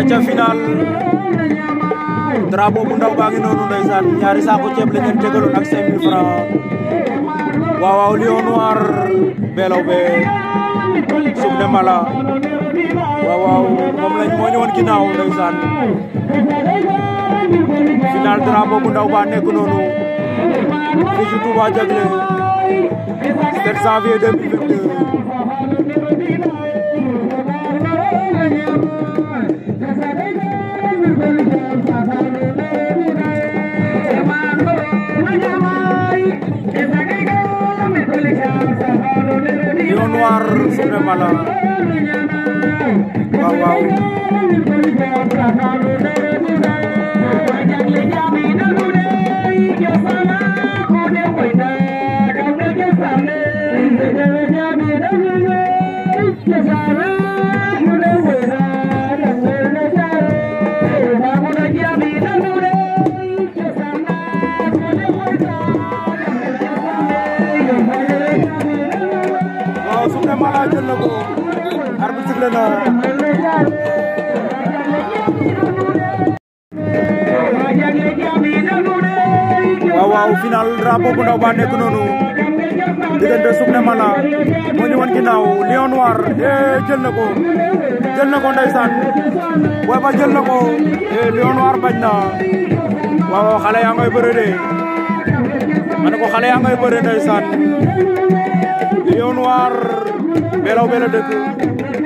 aca final drapeau bu ndaw baa ngi noonu ndeysaan ñaari saako ceeb la ngeen ak francs waaw waaw lion beelaw be Soukna Mala waaw waaw moom lañ moo ñu woon ginnaaw ndeysaan final drapeau baa nekk noonu fii ci Touba Diaglé 7 janvier waaw waaw arbitre sifflé na waaw waaw final drapeau bu ndaw ba nekk noonu diggante Soukna Mala moo ñu woon ginnaaw lion noir eh, jël na ko jël na ko ndeysaan Boy Fall jël na ko eh, lion bañ na waaw xale yaa ngay bëre de ko xale ngay bëre ndeysaan lion noir Mbelaw Mbelaw dëkk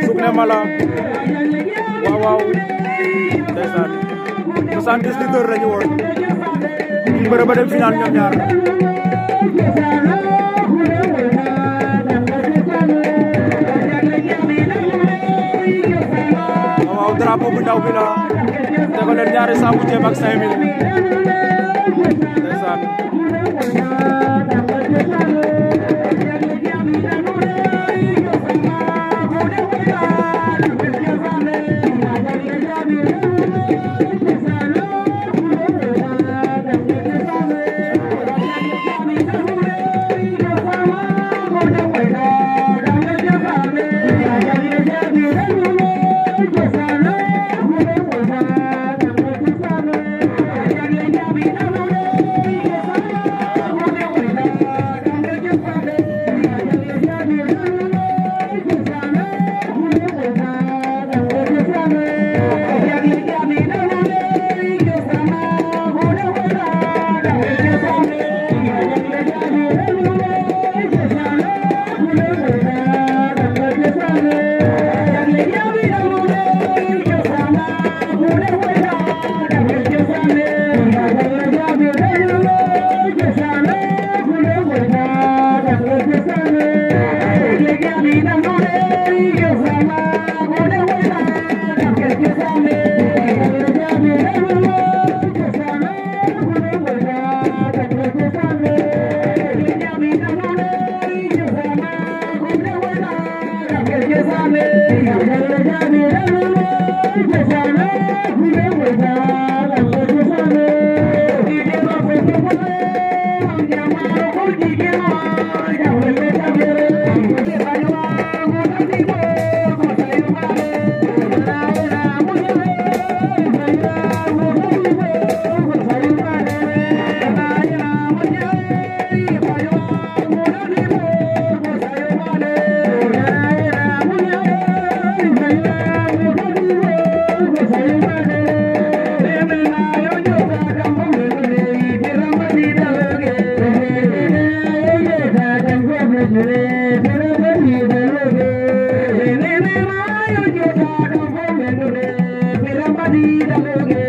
Soukna ma waaw waaw ndeysaan soixante-dix litres la ñu woon mbër ba dem final ñoom ñaar waaw drapeau bu ndaw bi la tego leen ñaari saaku ceeb ak cinq mille ndeysaan Thank Thank you. a Ramoge.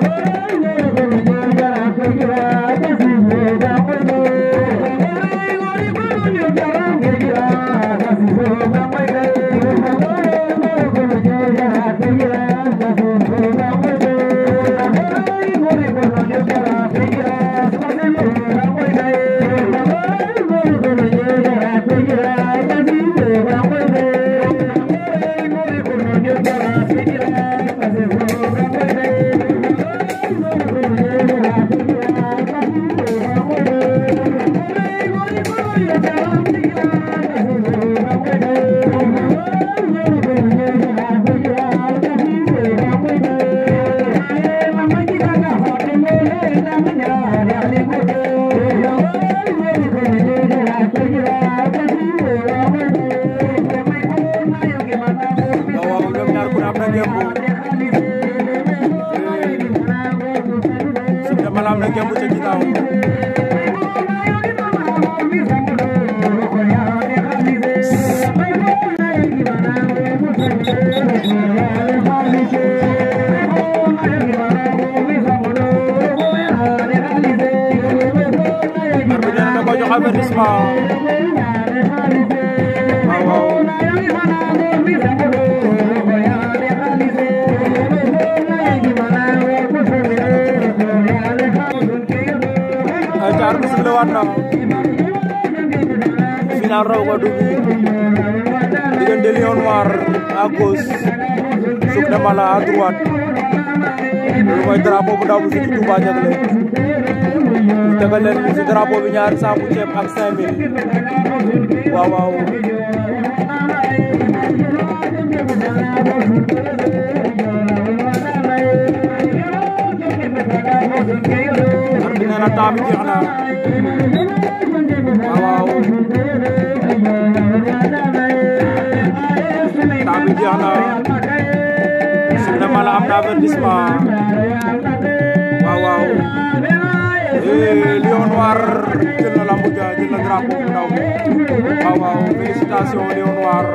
Ei, ei, ei. Dramé ngemb ca ginnaaw avertissement waaw waaw ñëwaat na final raw ko du Lion Noir à gauche Souk de Mala à droite mooy drapeau bu ndaw bi fii ci Touba Ñaglé tegal leen si drapeau bi ñaari saaku ceeb ak 5000 waaw waaw na temps bi jeex na waaw temps bi jeex na su ne ma la am na avertissement waaw waaw eh, Lion Noir jël na lamb ja jël na drapeau bu ndaw waaw waaw félicitations Lion Noir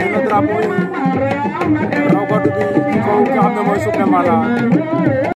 jël na drapeau yi raw ko dugg ci kaw nga xam ne mooy su ne ma la